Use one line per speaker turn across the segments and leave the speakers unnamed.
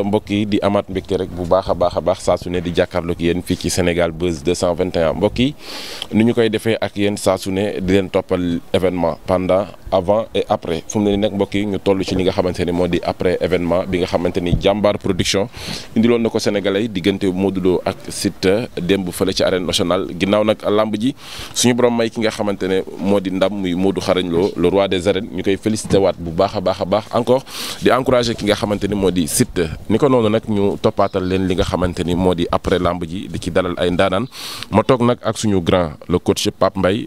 mbokk yi di amaat mbégte rek bu baax a baax a baax saa su ne di jàkkaarloog yéen fii ci Sénégal Buzz 221 mbokk yi ni ñu koy defee ak yéen saa su ne di leen toppal événement pendant avant et après fu mu ne nii nag mbokk yi ñu toll ci li nga xamante ni moo di après événement bi nga xamante ni jàmbaar production indiloon na ko sénégalais diggante Modou Lo ak Siteu démb fële ci arène nationale ginnaaw nag lamb ji suñu borom may ki nga xamante ne moo di ndam muy Modou Xarañ Lo le roi ñu koy félicité waat bu baax a baax a baax encore di encouragé ki nga xamante ni moo di Siteu ni ko noonu nag ñu toppaatal leen li nga xamante ni moo di après lamb ji di ci dalal ay ndaanaan ma toog nag ak suñu grand le coach Pape mbay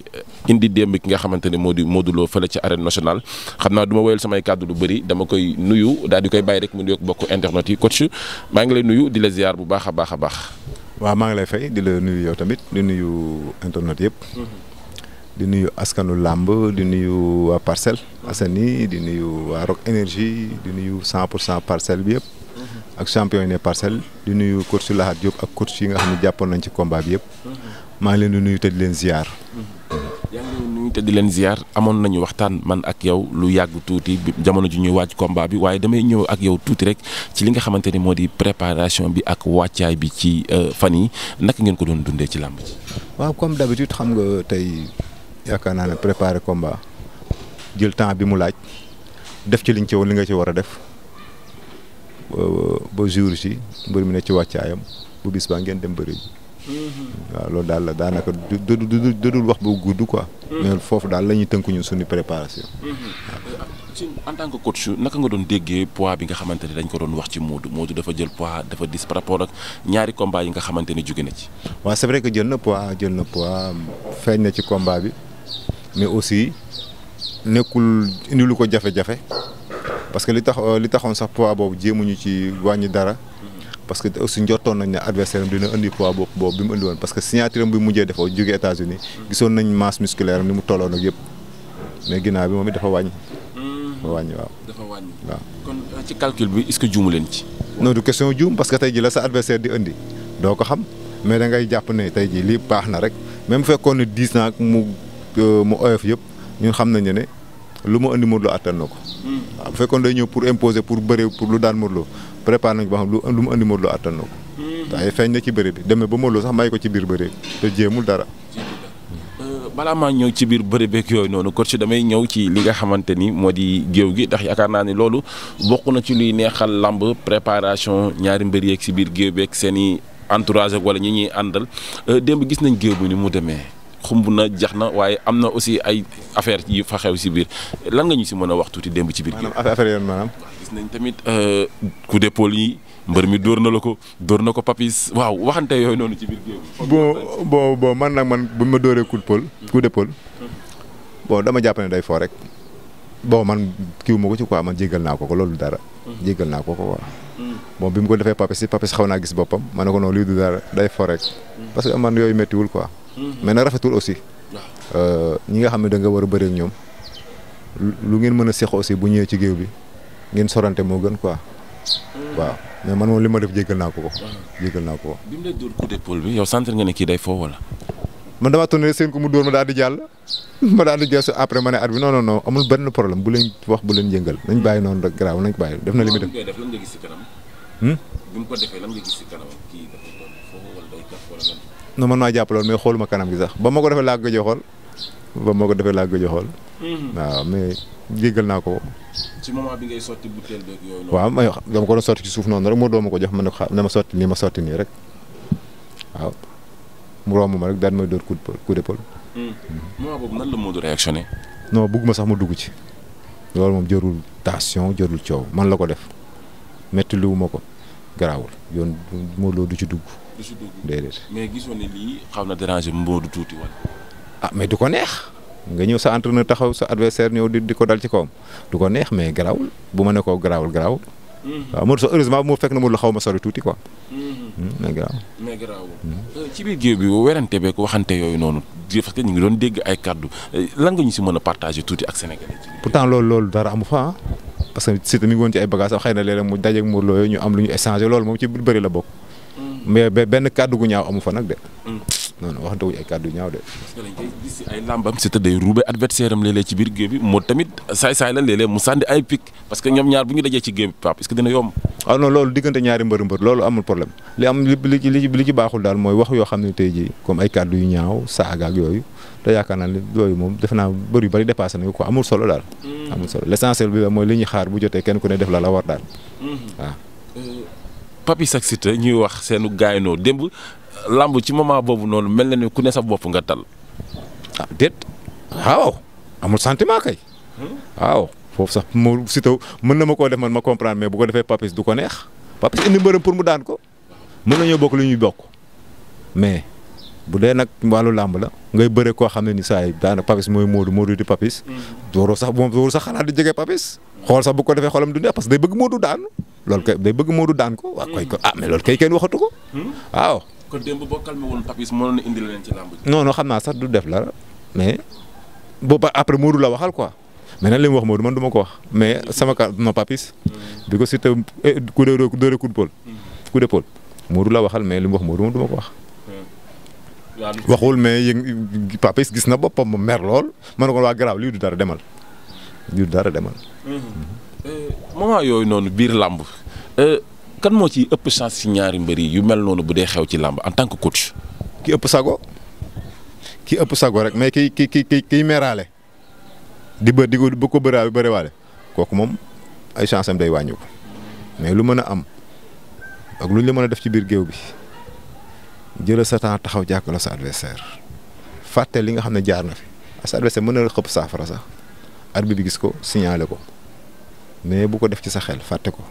indi démb ki nga xamante ni moo di Modou Lo fële ci arène national xam naa du ma woyal samay kàddu lu bëri dama koy nuyu daal di koy bàyyi rek mu nuyoog bokk internet yi coach maa ngi lay nuyu di la ziar bu baax a baax a baax.
waa maa ngi lay fay di la nuyu yow tamit di nuyu internet yëpp. Mm-hmm. di nuyu askanu làmb di nuyu waa Parcelles Assainies di nuyu waa Rock Énergie di pour cent parcelle bi yëpp. ak champion yi ne parcelle di nuyu coach Lahat Diop ak coach yi nga xam ne jàppoon nañ ci combat bi yëpp maa ngi leen di nuyu te leen ziar.
yaa di leen ziar amoon nañu waxtaan man ak yow lu yàgg tuuti jamono ji ñuy waaj combat bi waaye damay ñëw ak yow tuuti rek ci li nga xamante ni moo di préparation bi ak wàccaay bi ci euh, fan yi naka ngeen ko doon dundee ci làmb ji.
waaw comme d'habitude xam nga tey yaakaar naa ne préparer combat jël temps bi mu laaj def ci liñ ci li nga ci war a def. ba jour si mbër mi ne ci wàccaayam bu bis baa ngeen dem bëri ji mhm. waaw loolu daal la daanaka du du du dudul wax bu gudd quoi. Mhm. mais foofu daal la ñuy tënku ñun suñu préparation. Mhm. ci
en tant que naka nga doon déggee poids bi nga xamante ne dañ ko wax ci Modou Modou dafa jël pois dafa dis par rapport ak ñaari
combat yi nga xamante ne jóge na ci. waaw c'est vrai que jël na poids jël na pois feeñ na ci combat bi mais aussi nekkul indilu ko jafe-jafe. parce que li euh, li taxoon sax pois boobu jéemuñu ci wàññi dara. parce que aussi njortoon nañ ne adversaire am dina indi poids boobu boobu bi mu indi woon parce que signature am bi mujjee defoo jóge États-Unis gisoon nañ masse musculaire am ni mu tolloon ak moom it dafa wàññi. Hmm. wàññi waaw. dafa wàññi waaw. kon euh, ci calcul bi est-ce que leen ci. non du question juum parce que tey ji la sa adversaire di indi doo ko xam mais da ngay jàpp ne tey ji lii baax na rek mu fekkoon ne diis naa mu euh, mu oyof yëpp ñun xam nañu ne. lu mu indi Modou Lo attan na ko. Hmm. waaw bu fekkoon day ñëw pour imposer pour bëre pour lu daan Modou Lo préparé nañ lu mu indi Modou Lo attan na ko. Hmm. waaye feeñ na ci bëre bi demee ba Modou Lo sax may ko ci biir bëre te jéemul dara.
Euh, balaa maa ñëw ci biir bëri beeg yooyu noonu coach damay ñëw ci li nga xamante ni moo di géew gi ndax yaakaar naa ni loolu bokk na ci luy neexal làmb préparation ñaari mbër yeeg si biir géew beeg seen i entourage wala ñi ñuy àndal euh, démb gis nañ géew bi ni mu demee. xumb na jax na waaye am na aussi ay affaire yi fa xew si biir lan nga ñu si mën a wax tuuti démb ci biir. maanaam affaire yoon maanaam. gis nañ tamit euh, coup d'épaule yi mbër mi dóor na la ko dóor na ko papis waaw waxante yooyu noonu ci biir
géew. boo bon man nag man bu ma dóoree coup d'épaule. coup d'épaule bon dama jàpp ne day foo rek. bon man kiw ko ci quoi man jégal naa ko ko loolu dara. jégal naa ko ko
quoi.
bi mu ko defee papis si papis xaw naa gis boppam ma ne ko noonu lii du dara day fo parce que man yooyu méttiwul quoi. mais na rafetul aussi. Euh, ñi nga xam ne da nga war a bëri ak lu ngeen mën a seq aussi bu ñëwee ci géew bi ngeen sorante moo gën quoi. Hmm. waaw mais man moom li ma def jéggal naa ko ko. jéggal naa ko ko. bi mu lay dóor coup
kii day foo wala.
man damaa tourné seen ko mu dóor ma daal di jàll ma daa di geesu après ma ne at bi non non non amul benn problème bu leen wax bu leen yëngal nañ bàyyi noonu rek garaaw nañ bàyyi def na li muy
def. Hmm? bi mu ko defee lan nga gis gis si kanam
non man maa jàpp loolu mais xooluma kanam gi sax ba ma ko defee laa gëj a xool ba ko defee laa gëj xool. Mhm. mais jéggal naa ko.
ci moment bi ngay sotti butéel beeg ko
doon sotti ci suuf noonu rek moo doon ma ko jox ma ne ko xam ma sotti nii ma sotti nii rek waaw mu ma rek daal may dóor coup de coup d'épaule.
Mhm. Mhm. moment la Modou réactionné.
non bëgguma sax ma dugg ci. loolu moom jërul tension jërul coow man la ko def metti liwu ko garaawul yoon Modou Lo du ci dugg. du déedéet.
mais gisoon ne lii
xaw na déranger du tuuti wala. ah mais du ko neex nga ñëw sa entraîneur taxaw sa adversaire ñëw di ko dal ci kawam du ko neex mais garaawul bu ma ne ko garaawul garaawul. waaw mhm. ah, Modou sax heureusement bu ma fekk na xaw ma sori tuuti quoi. Mhm. Hmm, mais garaawul
mais garaawul. Hmm. Euh, ci biir géew bi werante beeg waxante yooyu doon dégg ay kàddu euh, lan nga ñu si mën a partager tuuti ak Sénégalais.
pourtant loolu loolu dara amu fa ah. parce que Siteu mi ngi woon ci ay bagages xëy na léeg mu dajeeg Modou Lo yooyu ñu am lu ñu échanger loolu moom ci bëri la bokk. mais benn kàddu gu ñaaw amu fa nag de. Mm. non non waxante wuñ ay kàddu ñaaw de. parce
que biir géew bi moo tamit saay-saay la léeg mu sànni ay pic parce que ñoom ñaar bu ñu dajee ci géew bi Pape est dina yomb.
ah loolu diggante ñaari mbër mbër loolu amul problème li am li li li ci baaxul daal mooy wax yoo xam ne tey jii comme ay kàddu yu ñaaw saaga yooyu te yaakaar naa ne yooyu moom def naa mbër yu bari dépassé nañu ko amul solo daal. Mm. amul solo l'essentiel bi mooy li ñuy xaar bu jotee kenn ku ne def
Papis ak Siteu ñuy wax seenu gaayandoo démb làmb ci moment boobu noonu mel na ne ku ne sa bopp nga tal. ah déet
waaw amul sentiment kay. waaw foofu sax mu Siteu mën na ma koo def man ma comprendre mais bu ko defee Papis du ko neex Papis indi mbërëm pour mu daan ko mën nañoo bokk lu ñuy bokk mais. bu dee nag wàllu làmb la ngay bëre koo xam ne ni saa yi daanaka papis mooy Modou Modou di papis. waroo mm. sax moom sax xalaat di jege papis.
xool sax bu ko defee xolam du
neex parce day bëgg Modou daanu. loolu kay day bëgg Modou daan ko. waaw koy ko ah mais kenn waxatu ko. Hmm?
kon démb boo calmé woon Papis mënoon na indil
xam naa sax du def la mais booba après Modou la waxal quoi mais nan li mu wax Modou man du ma ko wax mais sama ka no Papis. Hmm. bi ko Siteu eh, coup de coup de coup de pôle. Hmm. coup la waxal mais li mu wax Modou man du ko wax. waxul mais yéen Papis gis na boppam mu mer lool ma ne ko waa garaaw lii du dara demal dara demal.
Euh,
moment yooyu noonu biir làmb euh, kan moo ci ëpp chance ci ñaari mbër yi yu mel noonu bu dee xew ci làmb en tant que
coach. ki ëpp sago ki ëpp sago rek mais ki ki ki kiy meeraale di bë di ko ko bëraa bëriwaale kooku moom ay chance am day wàññiku mais lu mën a am ak lu ñu mën a def ci biir géew bi jëlal sa temps taxaw jàkkaarloo sa adversaire fàtte li nga xam ne jaar na fi sa adversaire mën na xëpp saafara sax arbitre bi gis ko signalé ko. mais bu ko def ci sa xel fàtte ko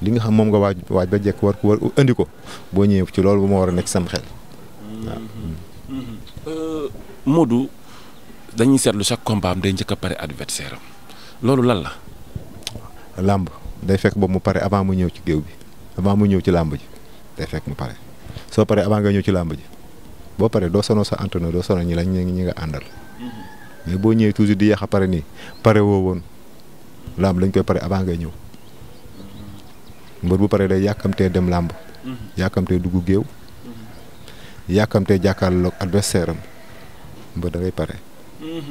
li nga xam moom nga waaj waaj ba jekk war ko war indi ko boo ñëwee ci loolu bu ma war a nekk sam xel
waaw. Mm-hmm. Mm-hmm.
Euh, Modou dañuy seetlu chaque combat day njëkk a pare adversaire am loolu lan la.
làmb day fekk boobu mu pare avant mu ñëw ci géew bi avant mu ñëw ci làmb ji day fekk mu pare soo paree avant nga ñëw ci làmb ji boo paree doo sonoo sa entraîneur doo sonoo ñi lañ ñi nga àndal mm-hmm. mais boo ñëwee toujours di yàq a pare nii pare woo woon. làmb lañ koy pare avant ngay ñëw mbër bu pare day yàkkamtee dem làmb yàkkamtee dugg géew yàkkamtee jàkkaarloog adversaire am mbër da ngay pare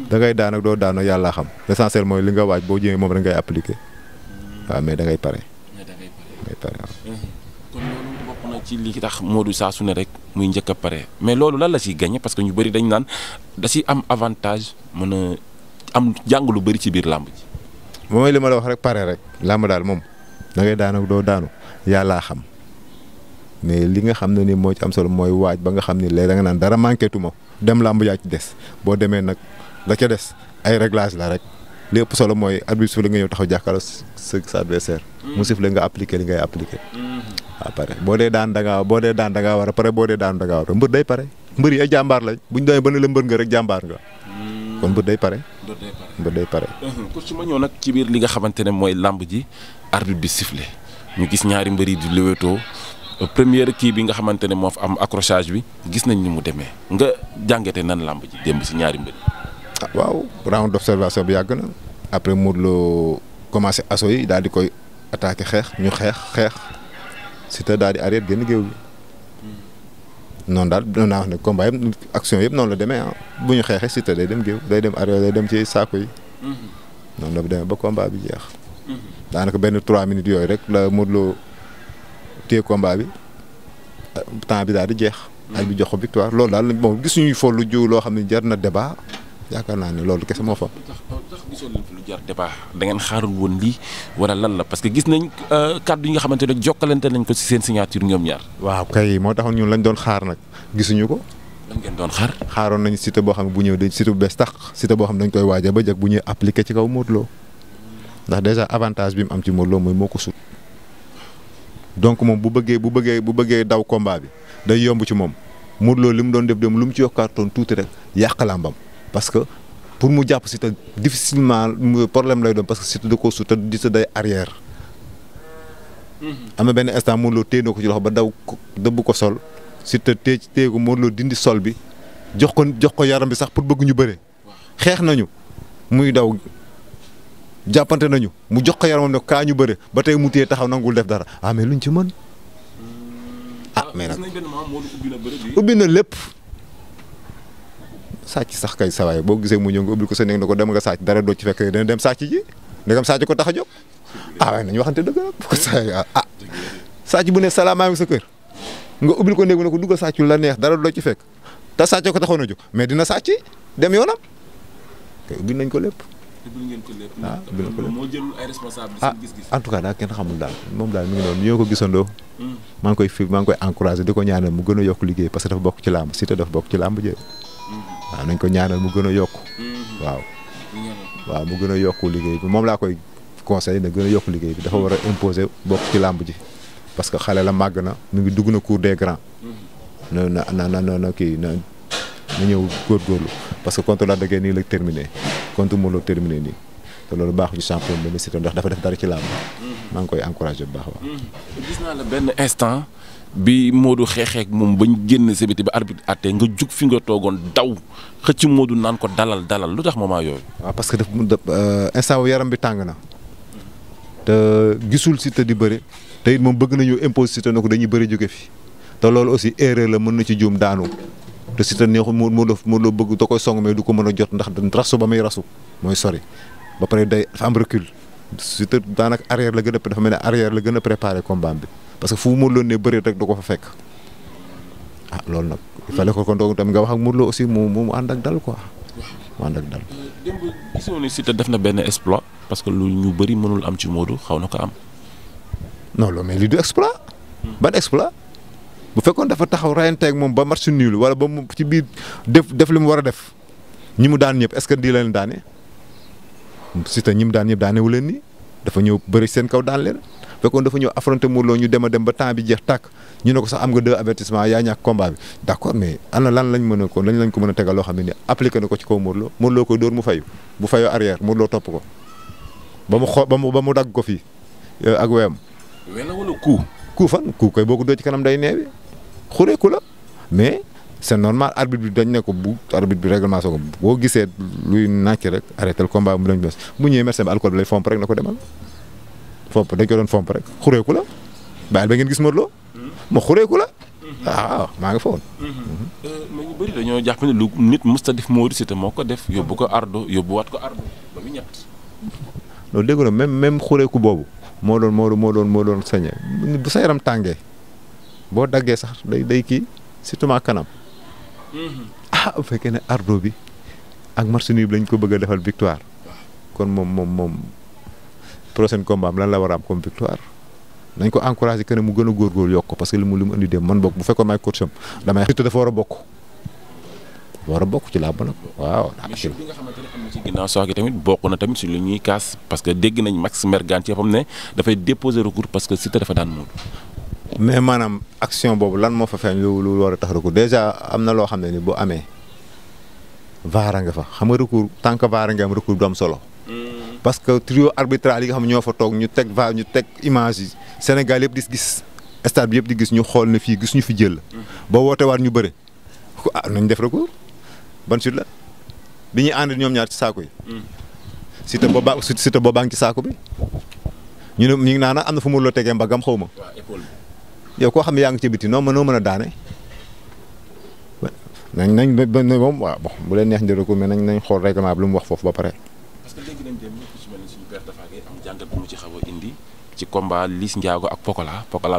dangay daan ak doo daanoo yàlla xam l'essentiel mooy li nga waaj boo jëmee moom rek ngay appliqué waaw mais da ngay pare ngay pare
ci tax Modou saa su ne rek muy njëkk pare mais loolu lan la siy gagné parce que ñu bëri dañ naan da si am avantage mën a am jàng lu bëri ci biir làmb ji
mooy li ma la wax rek pare rek làmb daal moom da ngay daanu doo daanu yàllaa xam mais li nga xam ne nii mooy ci am solo mooy waaj ba nga xam ni léegi da nga naan dara manqué ma dem làmb yaa ci des boo demee nag la ca des ay réglage la rek li solo mooy arbitre sifle nga ñëw taxaw jàkkaarloo sa sa adversaire mm. mu sifle nga appliqué li ngay appliqué waaw
mm-hmm.
ah, pare boo dee daan da ngaa boo dee daan da ngaa war a pare boo dee daan da ngaa a mbër day pare mbër yi ay jàmbaar lañ bu ñu doonee ba ne la mbër nga rek jàmbaar nga kon bët day pare. bët day pare.
pour mhm. su ma ñëw nag ci biir li nga xamante ne mooy làmb ji arbitre bi sifflé ñu gis ñaari mbëri di léwétoo euh, première kii bi nga xamante ne moo fi am accrochage bi gis nañ ni mu demee nga jàngate nan làmb ji démb si ñaari mbëri.
ah waaw round d'observation bi yàgg na après Modou loo commencé asso yi daal di koy attaque xeex ñu xeex xeex te daal di arrêté génn géew bi. noonu daal doon naa wax ne combat yëpp yëpp noonu la demee ah bu ñu xeexee Siteu day dem géew day dem arrêt day dem ci saako yi. Mhm. noonu la demee ba combat bi jeex. Mhm. daanaka benn trois minutes yooyu rek la Modou Lo téye combat bi temps bi daal di jeex. Mhm. ak bi jox ko victoire loolu daal bon gisuñuy fóolu jiw loo xam ne jar na débat. yaakaar naa ne loolu kese moo fa.
ndax gisoon nañ fi
lu jar débat da ngeen xaarul woon lii wala lan la parce que gis nañ euh, kàddu yi nga xamante ne jokkalante nañ ko ci seen signature ñoom ñaar.
waaw kay moo taxoon ñun lañ doon xaar nag gisuñu ko. lan ngeen doon xaaroon nañu Siteu boo xam ne bu ñëw dañ Siteu bu bees tax Siteu boo xam ne dañ koy waajal ba jag bu ñuy appliqué ci kaw Modou Lo ndax déjà avantage bi mu am ci Modou mooy moo ko donc moom bu bëggee bu bëggee bu bëggee daw combat bi day yomb ci moom Modou Lo li mu doon def dem lu mu ci yokkaatoon tuuti rek yàq làmbam parce que pour mu jàpp Siteu difficilement problème lay doon parce que Siteu da koo su te di sa day arrière. Mhm. am na benn instant Modou Lo téye na ko ci loxo ba daw dëbb ko sol Siteu téye téye ko Modou Lo dindi sol bi jox ko jox ko yaram bi sax pour bëgg ñu bëre. xeex nañu muy daw jàppante nañu mu jox ko yaramam ne kaa ñu bëre ba tey mu téye taxaw nangul def dara amee ah, lu ñu ci mën. Hmm.
Ah, ah,
ubbi na lépp. sàcc sax kay sawaay boo gisee mu ñëw nga ubbil ko sa néeg na ko dem nga sàcc dara doo ci fekk dana dem sàcc ji ndegam sàcc ko tax a jóg ah waaye waxante dëgg bu ko saa ah, ah sàcc sa kër nga ubbil ko néeg mu ne ko dugg sàccul la neex dara doo ci fekk te sàcc ko taxoon a jóg mais dina sàcc dem yoonam te ubbil nañ ko lépp.
ubbil ngeen ko lépp ah ubbil nañ ko lépp moo jëlul ay responsabilités ah en tout
cas daal kenn xamul daal moom daal mi ngi doon ñoo ko gisandoo. Hmm. maa ngi koy fi maa ngi koy encouragé a yokk liggéey parce que dafa bokk waaw nañ ko ñaanal mu gën a yokku. Mm-hmm. waaw.
Mm-hmm.
waaw mu gën a yokku liggéey bi moom laa koy conseil na gën a yokk liggéey bi dafa war a imposer bokk ci làmb ji parce que xale la màgg na mu ngi dugg na cour des grands.
Mm-hmm.
na na na na kii na na ñëw góorgóorlu parce que contre la dëggee nii la terminé contre mu la terminé nii te loolu baaxu ci champion bi Siteu ndax dafa def dara ci làmb. maa ngi koy encouragé bu
baax a bi Modou xeexeek moom bañ génn sa bi ba arbitre atte nga jug fi nga toogoon daw xëcc Modou naan ko dalal dalal lu tax moment yooyu.
waaw parce que daf euh, instant yaram bi tàng na te gisul Siteu di bëre te moom bëgg nañu imposer Siteu ko dañuy bëri jóge fi te loolu aussi erreur la mën na ci juum daanu te Siteu neexul moo moo moo loo bëgg da koy song mais du ko mën a jot ndax rasu ba muy rasu mooy sori ba pare day dafa am recul Siteu daanaka arrière la gën a dafa mel ne arrière la gën a préparé combat bi. parce que fu Modou Lo ne bëri rek du ko fa fekk ah loolu nag. il fallait que kon donc tamit nga wax ak Modou Lo aussi mu mu ànd ak dal ko mu ànd ak dal.
démb gisoo ni def na benn exploit parce que lu ñu bëri mënul am ci Modou xaw na ko am.
non loolu mais lii du exploit. ban exploit. bu fekkoon dafa taxaw rayanteeg moom ba match nul wala ba mu ci biir def def li mu war a def ñi mu daan ñëpp est-ce que di leen daane Siteu ñi mu daan ñëpp daane wu leen nii dafa ñëw bëri seen kaw daan leen. fekkoon dafa ñëw affronté Modou loo ñu dema dem ba temps bi jeex tàkk ñu ne ko sax am nga deux avertissement yaa ñàkk combat bi d' accord mais ana lan lañ mën a lañ lañ ko a tegal loo xam ne ni ko ci kaw Modou Lo Modou mu fayu bu fayoo arrière Modou Lo topp ko ba mu xoo ba mu ba mu dagg ko fii euh, ak weyam. wela wala coup. coup fan coup koy boo ko doo ci kanam day la mais c' est normal arbitre bi dañ ne ko bu arbitre bi réglement soo ko boo gisee luy nàcc rek arrêté le combat lañ bës bu ñëwee médecin bi alcool bi lay fomp rek na ko demal. fomp dañ ko doon fomp rek xureeku la bàyyil ba gis Modou Lo ma hmm. xureeku la hmm. waaw maa ngi foon. Hmm.
Eh, mais ne lu nit musta def Modou Siteu moo ko def yóbbu ko ardo yóbbuwaat ko ardo
loolu dégg nga même même xureeku boobu moo doon moo doon moo doon moo doon sañee bu sa yaram tàngee boo daggee sax day day kii surtout ma kanam. ah bu fekkee ne ardo bi ak match nul lañ ko bëgg a defal victoire kon moom moom moom. prochaine combat am lan la war a am comme victoire nañ ko encouragé que mu gën a góorgóorlu yokk parce que li mu li mu indi dem man bokk bu fekkoon may coach am damay. a bokk. war a bokk ci làmb nag waaw. monsieur na ci
ginnaaw sox gi tamit na tamit si lu ñuy kaas parce que dégg nañ Max Mergan ci xam ne dafay
déposer recours parce que Siteu dafa daan moom. mais maanaam action boobu lan moo fa feeñ lu lu war a tax recours déjà am na loo xam ne ni bu amee vaara nga fa xam nga recours tant que vaara nga am recours doom solo. Hmm. parce que trio arbitral yi nga xam ñoo fa toog ñu teg va ñu teg image yi Sénégal yëpp di gis stade bi yëpp di gis ñu xool na fii gis ñu fi jël. ba woote waat ñu bëre ah nañ def recours ban suite la bi ñuy ànd ñoom ñaar ci saako yi. Siteu boobaa Siteu boobaa ngi saako bi ñu ne ñu ngi naan am na fu mu la tegee mbagam xaw ma. yow koo xam ne yaa ngi ci biti noo mënoo mën a daane. nañ nañ ba moom waaw bon bu leen neex njëriñ ko mais nañ nañ xool règlement bi lu mu wax foofu ba pare.
dégg nañ dem ku ci mel ni suñu père Tafa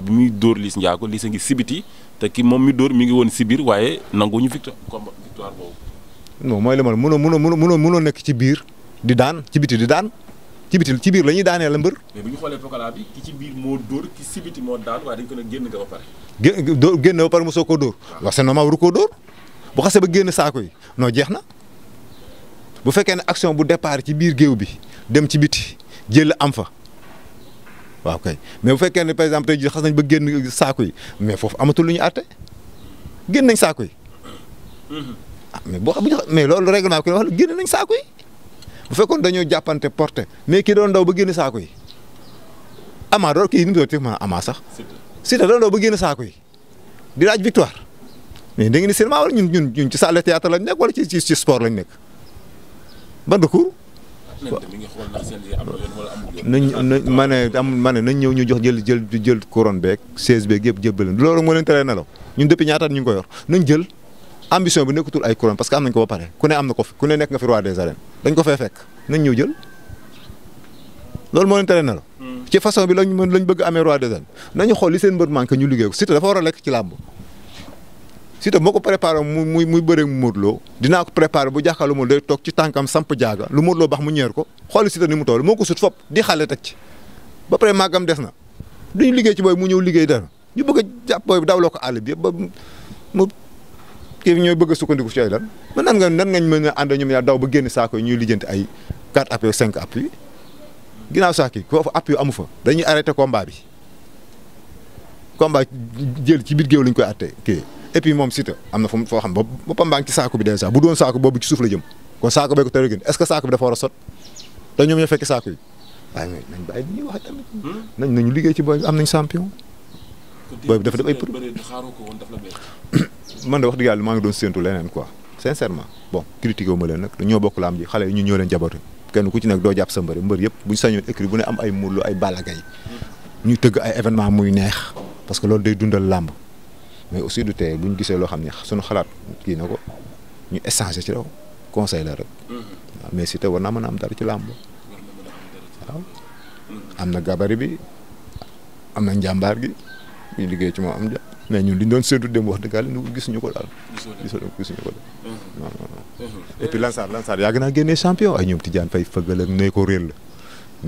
bu muy dóor Liss Ndiago Liss a ngi sibiti te ki moom mi dóor mi ngi woon si biir waaye nanguwuñu victoire combat victoire boobu.
non mooy li ma la mënoo mënoo mënoo mënoo nekk ci biir di daan ci biti di daan ci biti ci biir la ñuy daanee la mbër.
mais bu ñu xoolee Pokola bi ki ci biir moo dóor ki sibiti moo daan waaye dañ ko ne génn nga ba pare.
gé dóor génn ba pare mosoo koo dóor. waaw waaw c'est normal waru koo dóor bu xasee ba génn saako yi noo jeex na bu fekkee ne action bu départ ci biir géew bi dem ci biti jël am fa waa kay mais bu fekkee ne par exemple tey jii xas nañ ba génn saako yi mais foofu amatul lu ñu àtte génn nañ saako yi. Mm-hmm. ah mais boo xam mais loolu règlement ki wax génn nañ saako yi bu fekkoon dañoo jàppante porté mais kii doon daw ba génn saako yi amaa doon yi ni mu doon amaa sax. si te doon daw ba génn saako yi di laaj victoire mais da ngeen ni cinéma wala ñun ñun ci salle de théâtre lañ nekk wala ci ci sport lañ nekk. ban recours.
nañ ma
ne am ma ne nañ ñëw ñu jox jël jël jël couronne beek 16 beeg yëpp jébbaleen loolu moo leen teree nelaw ñun depuis ñaata ñu ngi ko yor nañ jël ambition bi nekkatul ay couronne parce que am nañ ko ba pare ku ne am na ko fi ku ne nekk nga fi roi des arènes dañ ko fee fekk nañ ñëw jël loolu moo leen teree nelaw. Hmm. ci façon bi lañ mën lañ bëgg amee roi des arènes nañu xool seen mbër manqué ñu liggéey ko surtout war a lekk ci làmb Siteu moo ko préparé muy muy bëre mu Modou Lo dinaa ko préparé bu jàkkaarloo Modou Lo day toog ci tànkam samp jaaga lu Modou Lo baax mu ñeer ko xool Siteu ni mu toll moo ko sut fop di xale teg ci ba pare màggam na duñu liggéey ci booy mu ñëw liggéey dara ñu bëgg a jàpp booy bi ko àll bi ba mu kii ñooy bëgg sukkandiku ci ay man nan nga nan ngañ mën a ànd ñoom yaa daw ba génn saako ñuy lijjanti ay 4 appui 5 appui ginnaaw saako yi foofu amu fa dañuy arrêté combat bi combat jël ci biir géew lañ koy atte kii et moom Siteu am na fu mu foo xam boppam baa ngi ci saako bi dèjà bu doon saako boobu ci suuf la jëm kon saako bee a sot te ñoom ñoo fekk saako yi waaye mais nañ bàyyi li nañu liggéey ci booy am nañ champion. booy bi dafa def ay pro. man de wax dëgg yàlla maa ngi doon séntu leneen quoi sincèrement bon critiqué wu ma leen nag dañoo bokk laam ji xale yi ñu ñoo leen jabatu kenn ku ci nekk doo jàpp sa mbër mbër yëpp buñ sañoon écrit bu ne am ay mullu ay balagay ñu tëgg ay événement muy neex parce que loolu de dundal làmb mais aussi du tey bu ñu gisee loo xam ne suñu xalaat kii na ko ñu échanger ci raw conseil la rek.
Mhm.
mais si te war naa mën a am dara ci làmb. waaw am na gabari bi am na njàmbaar gi bu ñu liggéey ci moom am ja mais ñun doon séddu dem wax dëgg yàlla gisuñu ko daal. gisuñu ko daal. Mhm. non non mhm. et puis Lansar Lansar yàgg naa génnee champion ay ñoom Tidiane Faye fëggal ak ne ko réel la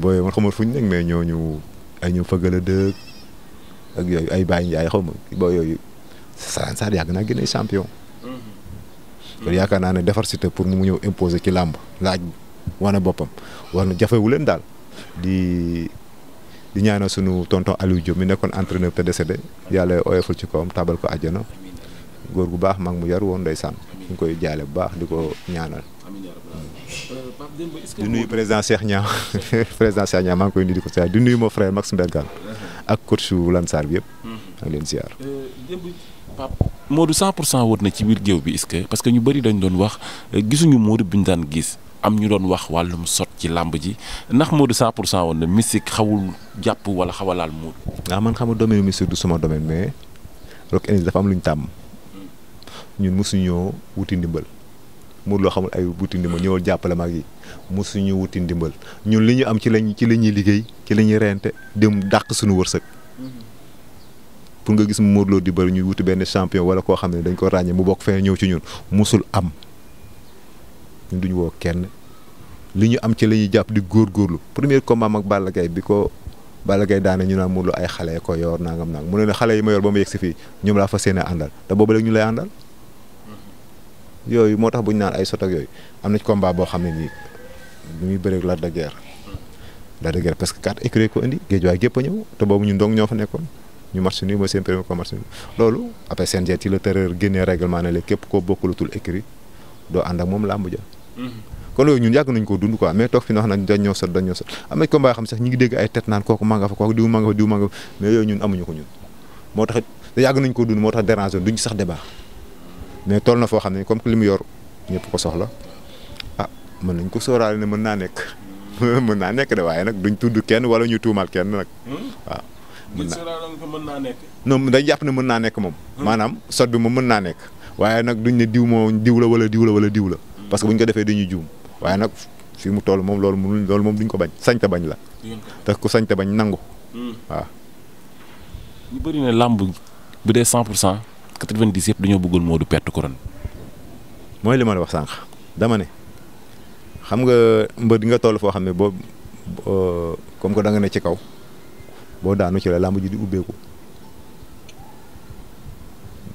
booy man xamul fu ñu nekk mais ñooñu ay ñoom fëggal a dëkk ak yooyu ay Baye Ndiaye xaw yooyu. Salaan Sarr yàgg naa Guinée champion. kon yaakaar naa ne defar Siteu pour mu ñëw imposer ci làmb laaj wane boppam war jafewu leen daal di di ñaanal sunu tonton Aliou Diop mi nekkoon entraîneur te décédé yàlla oyofal ci kawam tabal ko àjjana góor gu baax mag mu yar woon ndeysaan ñu koy jaale bu baax di ko ñaanal. di nuyu président Cheikh Niang président Cheikh Niang maa ngi koy nuyu di ko siyaar di nuyu mon frère Max Mbergane ak coach Lansar bi yëpp. maa ngi leen siyaar. Euh, Pape Modou
100 pour cent wër na ci biir géew bi est que parce que ñu bëri dañ doon wax euh, gisuñu Modou bi ñu daan gis am ñu doon wax wàllum sot ci làmb ji ndax Modou 100 pour cent woon na mystique xawul jàpp wala xawalaal Modou.
waaw man xam nga domaine mystique du sama domaine mais Rock Énergie dafa am lu ñu tàmm ñun mosuñoo wuti ndimbal Modou loo xamul ay wuti ndimbal ñëwal jàppale yi mosuñu wuti ndimbal ñun li ñu am ci lañ ci la ñuy liggéey ci la ñuy reyante dem dàq suñu wërsëg. Mm-hmm. pour nga gis mu Modou Lo di bëri ñuy wuti benn champion wala koo xam ne dañ ko ràññee mu bokk feneen ñëw ci ñun musul am ñun duñu woo kenn li ñu am ci la ñuy jàpp di góorgóorlu premier combat ak Balla Gaye bi ko Balla Gaye daane ñu naan Modou Lo ay xale ko yor nangam nangam mu ne ne xale yi ma yor ba mu yegg si fii ñoom laa fa yéene àndal te boobu léegi ñu lay àndal yooyu moo tax bu ñu naan ay sot yooyu am na ci combat boo xam ne nii bu muy bëreeg Lac de Guiers Lac de Guiers parce que quatre écuries ko te boobu ñun dong ñoo fa nekkoon ñu match nii mooy seen premier ko match nii loolu après CNG ci la tërër génnee règlement ne la képp koo bokkulatul écrit doo ànd ak moom làmb ja mhm. kon yooyu ñun yàgg nañ ko dund quoi mais toog fi na na dañ ñoo sot dañ ñoo sot am na combat xam sax ñi ngi fa kooku diw diw manga fa mais yooyu ñun amuñu ko ñun moo tax yàgg nañ ko dund moo tax déranger duñ sax débat mais toll na foo xam ne comme que li mu yor ñëpp ko soxla ah mën nañ ko sóoraale ne mën naa nekk mën naa nekk de waaye nag duñ tudd kenn wala ñu tuumal kenn nag hmm? waaw mën naa nekk. non dañ jàpp ne mën naa nekk moom. Hmm. maanaam sot bi moom mën naa nekk. waaye nag duñ ne diw moo diw la wala diw la wala diw la. Hmm. parce que bu ñu ko defee du dañuy juum waaye nag fi mu toll moom loolu mënuñ loolu moom duñ ko bañ sañta bañ la. te ku sañta bañ nangu. Hmm. waaw. ñu bëri ne làmb bu
dee 100 pour cent 90 yëpp dañoo bëggul Modou perte couronne.
mooy li ma la wax sànq dama ne xam nga mbër di nga toll foo xam ne boo comme que da nga ne ci kaw. boo daanu ci la làmb ji di ubbeeku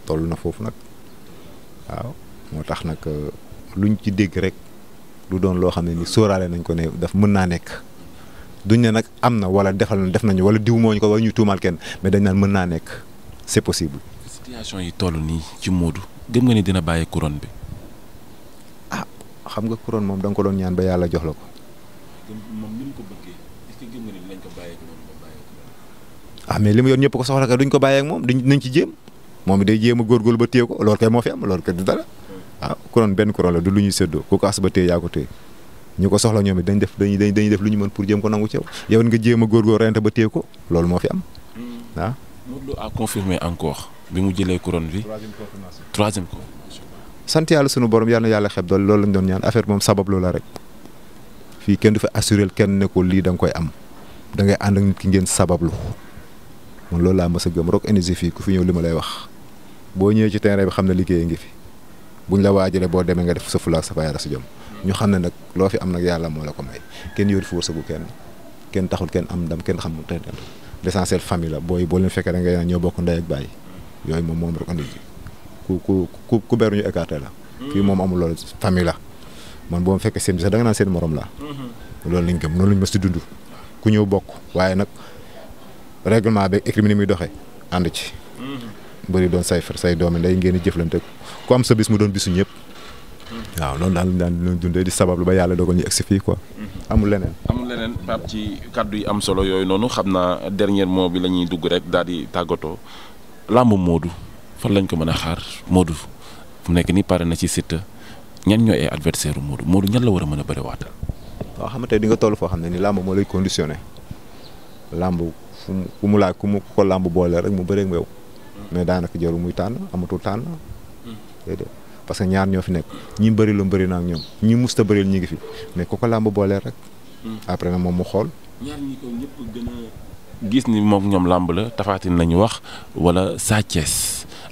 toll na foofu nag waaw moo tax nag euh, luñ ci dégg rek lu doon loo xam ne ni sóoraale nañ ko ne daf mën naa nekk duñ ne nag am na wala defal na def nañu wala diw mooñ ko wala ñu tuumaal kenn mais dañ naan mën naa nekk c'est possible.
situation yi
toll nii ci Modou gëm nga ni dina bàyyi couronne bi. ah xam nga couronne moom da ko doon ñaan ba yàlla jox la ko. ah mais li mu yor ñëpp ko soxla ka duñ ko bàyyee ak moom duñ nañ ci jéem moom a góorgóorlu ba téye ko loolu kay moo fi am loolu kay du dara waaw couronne ñu ko soxla ñoom it dañ def dañuy dañuy def lu ñu mën pour jéem ko nangu ci yow yow nga jéem a góorgóorlu rente ba téye ko loolu moo fi am waaw. Hmm. Ah. Modou Lo a confirmé
mu jëlee couronne bi. troisième confirmation
troisième confirmation. sant yàlla sunu borom yàlla na yàlla xeb dool loolu lañ doon ñaan affaire moom sabab loola rek fii kenn du fa assuré kenn ne lii da nga koy am da ngay ànd ak nit ki ngeen sabablu man loolu laa mës a gëm Rock Énergie fii ku fi ñëw li ma lay wax boo ñëwee ci terrain bi xam ne liggéey ngi fi buñ la waajalee boo demee nga def sa fulaak sa fayda sa jom ñu xam ne nag loo fi am nag yàlla moo la ko may kenn yóori force bu kenn kenn taxul kenn am ndam kenn xamul kenn l'essentiel famille la booy boo leen fekkee da ngay ñoo bokk ndey moom moom Rock ku ku ku ku beru la. fii moom amul loolu famille man boo ma fekkee seen bi sax da nga naan seen morom la mm-hmm. loolu lañ gëm noonu lañ mës di dund ku ñëw bokk waaye nag règlement beeg écrit ni muy doxee ànd ci. Mm-hmm. mbëri doon say far say doomi nday ngeen di jëflante ku am sa bis mu doon bisu ñëpp. Mm-hmm. waaw loolu daal daan doon dundee di sabablu ba yàlla doo ñu egsi fii quoi. Mm-hmm. amul leneen.
amul leneen Pape ci kàddu yi am solo yooyu noonu xam naa dernier mot bi la ñuy dugg rek daal di tàggatoo làmb moodu fan lañ ko mën a xaar moodu fu nekk nii pare na ci Siteu ñan ñoo ay adversaire Modou Modou ñan la war a mën a bëriwaatal.
waata xam nga tey di nga toll foo xam ne ni làmb moo lay conditionné fu mu ku mu laa ku mu ko làmb boole rek mu bëreeg yow mm. mais daanaka jarul muy tànn amatul tànn. Mm. déedéet parce que ñaar ñoo fi nekk ñi bëri lu bëri na ak ñoom ñi musta bëril ñi ngi fi mais ku ko làmb boole rek. Mm. après moom mu xool. ñaar ko gis ni
moom ñoom làmb la Tapha Tine wax wala Sa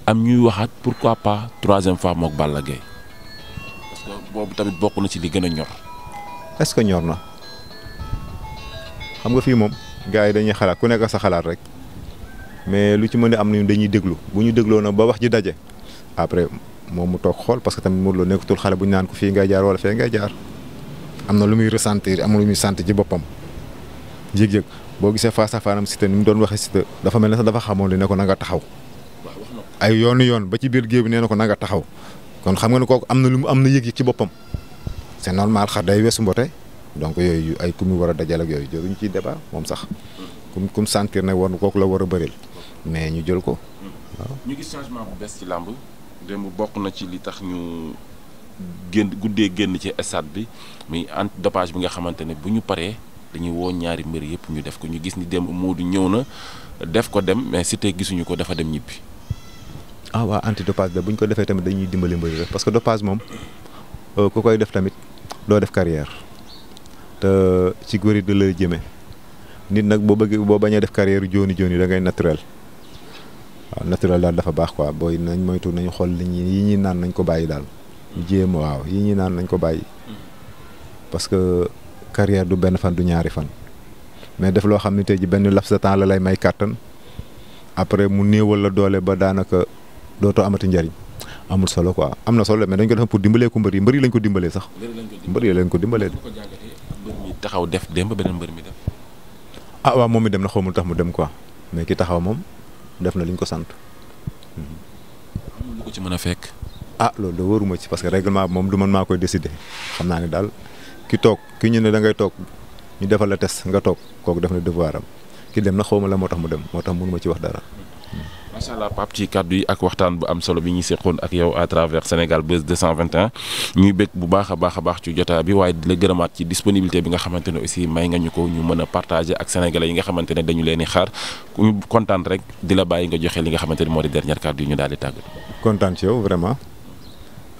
am ñuy waxaat pourquoi pas troisième fois mook Balla Gaye parce que boobu tamit bokku na ci li gën a ñor.
est-ce que ñor na xam nga fi moom. gars yi dañuy xalaat ku nekk sa xalaat rek mais lu ci mën a am nañu dañuy déglu bu ñu dégloo nag ba wax ji daje après moom mu toog xool parce que tamit Modou Lo nekkatul xale bu ñu naan ko fii ngay jaar wala fee ngay jaar am na lu muy ressentir am na sant ci boppam yëg boo gisee face à face am Siteu ni mu doon waxee Siteu dafa mel ne sax dafa xamoon lu ne ko na nga taxaw ay yoonu yoon ba ci biir géew bi nee na ko na nga taxaw kon xam nga ne kooku am na lu mu am na yëg-yëg ci boppam c'est normal xar day weesu mbote donc yooyu ay ku mu war a dajal yooyu jëruñ ci débat moom sax. kum kum sentir nag war kooku la war a bëril. mais ñu jël ko. waaw
ñu gis changement bu bees ci làmb démb bokk na ci li tax ñu génn guddee génn ci stade bi muy anti dopage bi nga xamante ne bu ñu paree dañuy woo ñaari mbër yëpp ñu def ko ñu gis ni démb du ñëw na def ko dem mais si tey gisuñu ko dafa dem ñibbi.
ah waa anti dopage da bu ñu ko defee tamit dañuy dimbali mbër rek parce que dopage moom euh, ku koy def tamit doo def carrière. te ci góor it da lay jëme nit nag boo bëggee boo bañee def carrière jooni jooni da ngay naturel waaw naturel daal dafa baax quoi booy nañ moytu nañu xool li ñuy yi naan nañ ko bàyyi daal jéem waaw yi ñuy naan nañ ko bàyyi parce que carrière du benn fan du ñaari fan mais def loo xam ne tey ji benn laps de lay may kàttan après mu néewal la doole ba daanaka dootoo amati njariñ amul solo am na solo mais dañ ko def pour dimbalee ko mbër yi ko dimbalee sax mbër yi ko dimbalee
taxaw def démb beneen mbër mi def.
ah waaw moom mi dem na xaw ma lu tax mu dem quoi mais ki taxaw moom def na li ko sant. ko ci mën a fekk. ah loolu de wóoruma ci parce que règlement bi moom du man maa koy décider xam naa ni daal ki toog ki ñu ne da ngay toog ñu defal la test nga toog kooku def na devoir am ki dem na xaw ma la moo tax mu dem moo tax mënuma ci wax dara.
Hmm. macha allah Pape ci kàddu yi ak waxtaan bu am solo bi ñuy seqoon ak yow à travers Sénégal Buzz 221 ñuy bëgg bu baax a baax a baax ci jotaa bi waaye di la gërëmaat ci disponibilité bi nga xamante ne aussi may nga ñu ko ñu mën a partager ak sénégalais yi nga xamante ne dañu leen di xaar ñu kontaan rek di la bàyyi nga joxe li nga xamante ne moo di dernière kàddu yi ñu daal di tàggat.
kontaan ci yow vraiment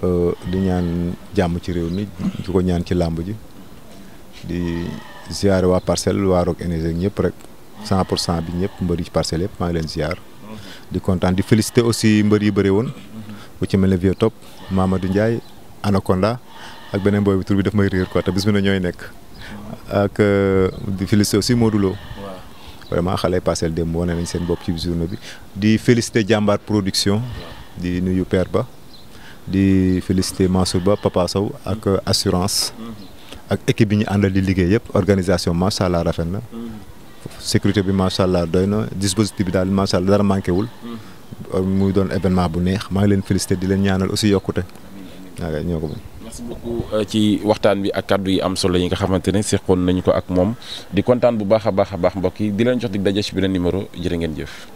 euh, di ñaan jàmm ci réew mi di ko ñaan ci làmb ji di ziare waa parcelle waa Rock Énergie rek 100 pour cent bi ñëpp mbëri ci parcelle yëpp maa leen ziar. di kontaan di félicité aussi mbër yi bëri woon bu ci mel ne maamadu Top Mamadou Ndiaye Anaconda ak beneen booy bi tur bi daf may réer quoi te bis mi ne ñooy nekk ak euh, di félicité aussi Modou Lo vraiment xale passel dem wane nañ seen bopp ci journée bi di félicité jàmbaar production di nuyu Père Ba di félicité Mansour Ba Papa Sow ak euh, assurance mm-hmm. ak équipe bi ñu àndal di liggéey yëpp organisation macha allah rafet na mm-hmm. sécurité bi macha allah doy na dispositif bi daal macha allah dara manqué wul. Mm-hmm. Euh, muy doon événement bu neex maa ngi leen félicité di leen ñaanal aussi yokkute. waaw ñoo
euh, ci waxtaan bi ak kàddu yi am solo yi nga xamante ne seqoon nañu ko ak moom di kontaan bu baax a baax a baax mbokk yi di leen jox dig daje ci beneen numéro jërë ngeen jëf.